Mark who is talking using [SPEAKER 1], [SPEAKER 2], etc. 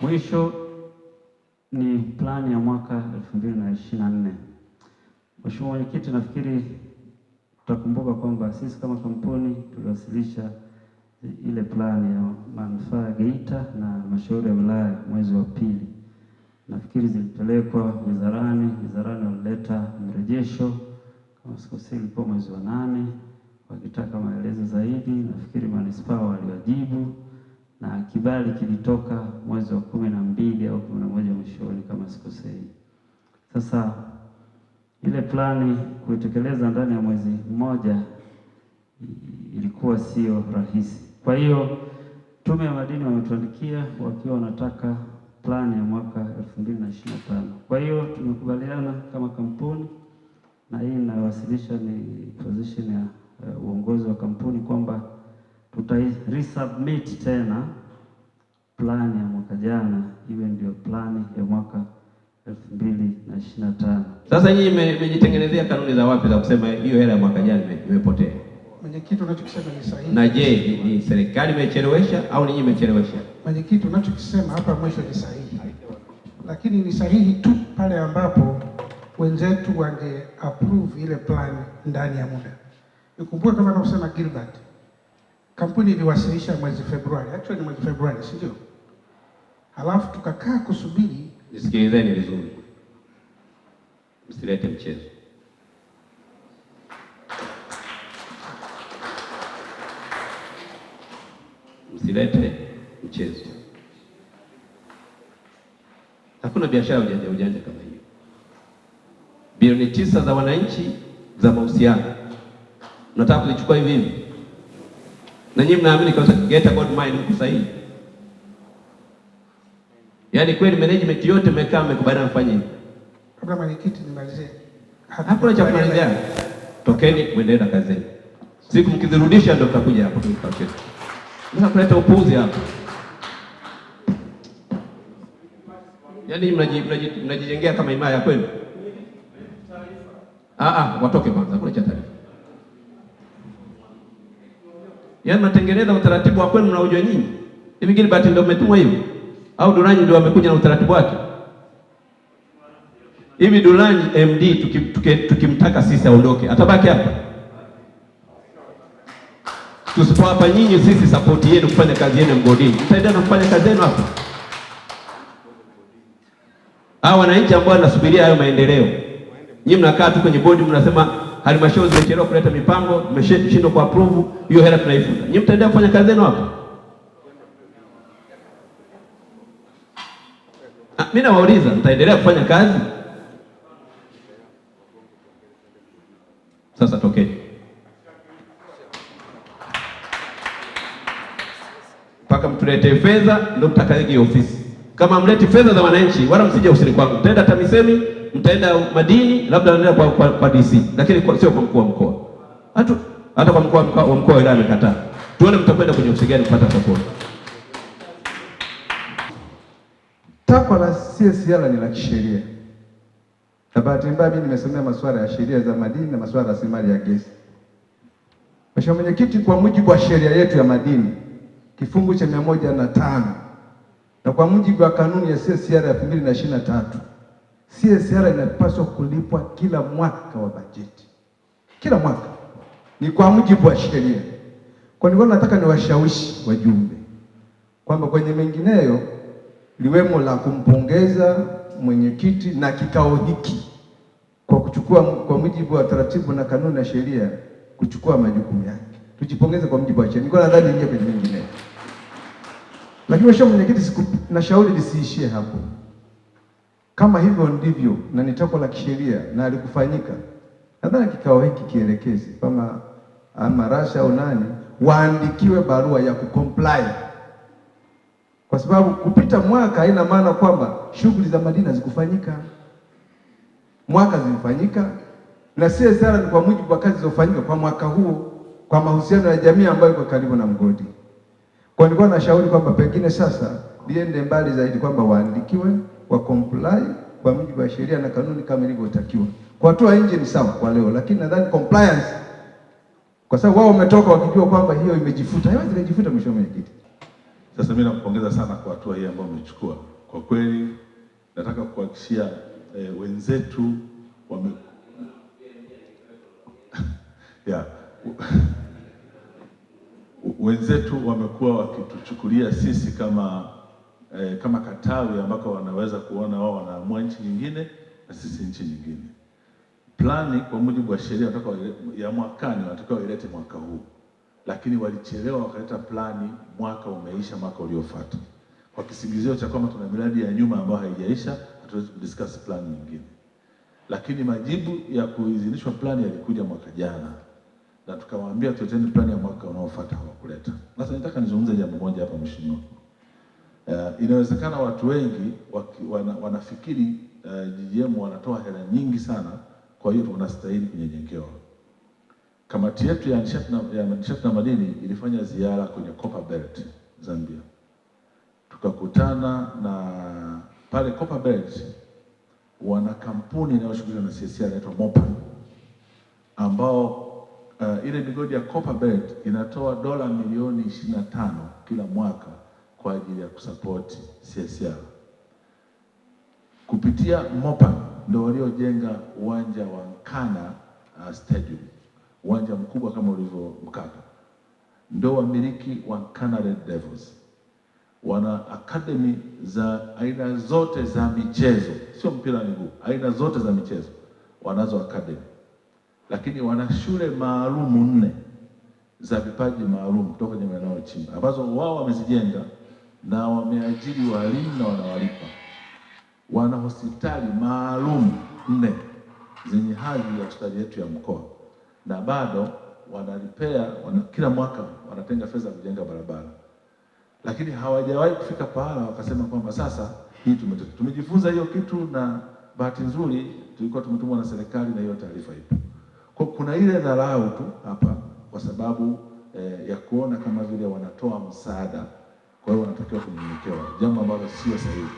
[SPEAKER 1] Mwisho ni plani ya mwaka 2024. Mheshimiwa Mwenyekiti, nafikiri tutakumbuka kwamba sisi kama kampuni tuliwasilisha ile plani ya manufaa ya Geita na halmashauri ya wilaya mwezi wa pili. Nafikiri zilipelekwa wizarani, wizarani walileta mrejesho kama sikosei, ilikuwa mwezi wa nane wakitaka maelezo zaidi. Nafikiri manispaa waliwajibu kibali kilitoka mwezi wa kumi na mbili au kumi na moja mwishoni kama sikosei. Sasa ile plani kuitekeleza ndani ya mwezi mmoja ilikuwa sio rahisi. Kwa hiyo Tume ya Madini wametuandikia wakiwa wanataka plani ya mwaka 2025. Kwa hiyo tumekubaliana kama kampuni na hii inawasilisha ni position ya uh, uongozi wa kampuni kwamba tutai resubmit tena plani ya mwaka jana iwe ndio plani ya mwaka elfu mbili na ishirini na tano.
[SPEAKER 2] Sasa nyinyi mmejitengenezea kanuni za wapi za kusema hiyo hela ya mwaka jana imepotea?
[SPEAKER 3] Mwenyekiti, unachokisema ni sahihi.
[SPEAKER 2] Na je, ni serikali imechelewesha au ninyi mmechelewesha?
[SPEAKER 3] Mwenyekiti, unachokisema hapa mwisho ni sahihi, lakini ni sahihi tu pale ambapo wenzetu wange approve ile plan ndani ya muda. Nikumbuke kama anavyosema Gilbert, kampuni iliwasilisha mwezi Februari, actually ni mwezi Februari, si ndio? alafu tukakaa kusubiri.
[SPEAKER 2] Nisikilizeni vizuri, msilete mchezo. Msilete mchezo. Hakuna biashara ujanja ujanja kama hiyo. Bilioni tisa za wananchi za mahusiano mnataka kulichukua hivi hivi, na nyinyi mnaamini kabisa Geita Gold Mine huko sahihi? Yaani kweli management yote mmekaa mmekubaliana kufanya hivi.
[SPEAKER 3] Kabla mwenyekiti nimalizie.
[SPEAKER 2] Hakuna cha kuendelea. Tokeni muendelee na kazi yenu. Siku mkizirudisha ndio tutakuja hapo kwa tukaketi. Sasa kuleta upuuzi hapa. Yaani mnajijengea kama imaya ya kwenu. Ah ah, watoke kwanza, hakuna cha taarifa. Yaani mnatengeneza utaratibu wa kwenu mnaojua nyinyi. Hivi ngine bahati ndio umetumwa hivi au Duranyi ndio amekuja na utaratibu wake? Hivi Duranyi MD tukimtaka tuki, tuki sisi aondoke atabaki hapa? Tusipo hapa, nyinyi sisi support yenu kufanya kazi yenu mgodini, mtaendelea na kufanya kazi yenu hapa? Hawa wananchi ambao wanasubiria hayo maendeleo, nyinyi mnakaa tu kwenye bodi mnasema halmashauri zimechelewa kuleta mipango, mmeshindwa kuapprove hiyo hela tunaifuta. Nyinyi mtaendelea kufanya kazi yenu hapa? Ah, mimi nawauliza mtaendelea kufanya kazi? Sasa tokeni mpaka mtuletee fedha ndio mtakaegi ofisi. Kama mleti fedha za wananchi, wala msije usiri kwangu, mtaenda TAMISEMI, mtaenda madini, labda naenda kwa, kwa, kwa DC, lakini sio kwa mkuu wa mkoa. Hata kwa mkuu wa mkoa wa wilaya amekataa. Tuone mtakwenda kwenye ofisi gani kupata support.
[SPEAKER 1] Takwa la CSR ni la kisheria, na bahati mbaya mimi nimesomea masuala ya sheria za madini na masuala ya rasilimali ya gesi. Mheshimiwa Mwenyekiti, kwa mujibu wa sheria yetu ya madini kifungu cha mia moja na tano na kwa mujibu wa kanuni ya CSR ya elfu na CSR inapaswa kulipwa kila mwaka wa bajeti, kila mwaka, ni kwa mujibu wa sheria. Kwa nini nataka niwashawishi wajumbe kwamba kwenye mengineyo liwemo la kumpongeza mwenyekiti na kikao hiki kwa kuchukua kwa mujibu wa taratibu na kanuni na sheria kuchukua majukumu yake. Tujipongeze kwa mujibu wa sheria. Nilikuwa nadhani ingia kwenye nyingine. Lakini mheshimiwa mwenyekiti, nashauri lisiishie hapo. Kama hivyo ndivyo na ni la kisheria na alikufanyika, nadhani kikao hiki kielekezi kama ama rasha au nani waandikiwe barua ya kucomply kwa sababu kupita mwaka haina maana kwamba shughuli za Madina zikufanyika. Mwaka zilifanyika na CSR ni kwa mujibu wa kazi zilizofanyika kwa mwaka huo, kwa mahusiano ya jamii ambayo iko karibu na mgodi. Kwa nilikuwa nashauri kwamba pengine sasa liende mbali zaidi kwamba waandikiwe wa comply kwa mujibu wa sheria na kanuni kama ilivyotakiwa. Kwa toa nje ni sawa kwa leo, lakini nadhani compliance, kwa sababu wao wametoka wakijua kwamba hiyo imejifuta, haiwezi kujifuta, mheshimiwa mwenyekiti.
[SPEAKER 2] Sasa mimi nampongeza sana kwa hatua hii ambayo umechukua. Kwa kweli nataka kuhakikishia e, wenzetu wame wenzetu wamekuwa wakituchukulia sisi kama e, kama katawi ambako wanaweza kuona wao wanaamua nchi nyingine na sisi nchi nyingine. Plani kwa mujibu wa sheria ya mwakani wanatakiwa ilete mwaka huu lakini walichelewa wakaleta plani, mwaka umeisha, mwaka uliofuata, kwa kisingizio cha kwamba tuna miradi ya nyuma ambayo haijaisha, hatuwezi kudiscuss plani nyingine. Lakini majibu ya kuidhinishwa plani yalikuja mwaka jana, na tukawaambia tuleteni plani ya mwaka unaofuata, hawakuleta. Sasa nataka nizungumze jambo moja hapa mheshimiwa. Uh, inawezekana watu wengi waki, wana, wanafikiri uh, eh, GGM wanatoa hela nyingi sana, kwa hiyo tunastahili kunyenyekewa Kamati yetu ya nishati na, ya nishati na madini ilifanya ziara kwenye Copper Belt Zambia, tukakutana na pale Copper Belt wana kampuni inayoshughulika na, CSR inaitwa Mopa ambao uh, ile migodi ya Copper Belt inatoa dola milioni 25 kila mwaka kwa ajili ya kusapoti CSR kupitia mopa ndio waliojenga uwanja wa Nkana uh, stadium uwanja mkubwa kama ulivyo Mkapa, ndio wamiliki wa Canada Devils. Wana akademi za aina zote za michezo, sio mpira wa miguu, aina zote za michezo wanazo akademi, lakini wana shule maalumu nne za vipaji maalum kutoka kwenye maeneo ya ambazo wao wamezijenga na wameajiri walimu na wanawalipa. Wana hospitali maalum nne zenye hadhi ya hospitali yetu ya mkoa na bado wanalipea wana, kila mwaka wanatenga fedha kujenga barabara, lakini hawajawahi kufika pahala wakasema kwamba sasa hii Tumejifunza hiyo kitu, na bahati nzuri tulikuwa tumetumwa na serikali na hiyo taarifa ipo. Kwa kuna ile dharau tu hapa kwa sababu eh, ya kuona kama vile wanatoa msaada, kwa hiyo wanatakiwa kunyenyekewa, jambo ambalo sio sahihi.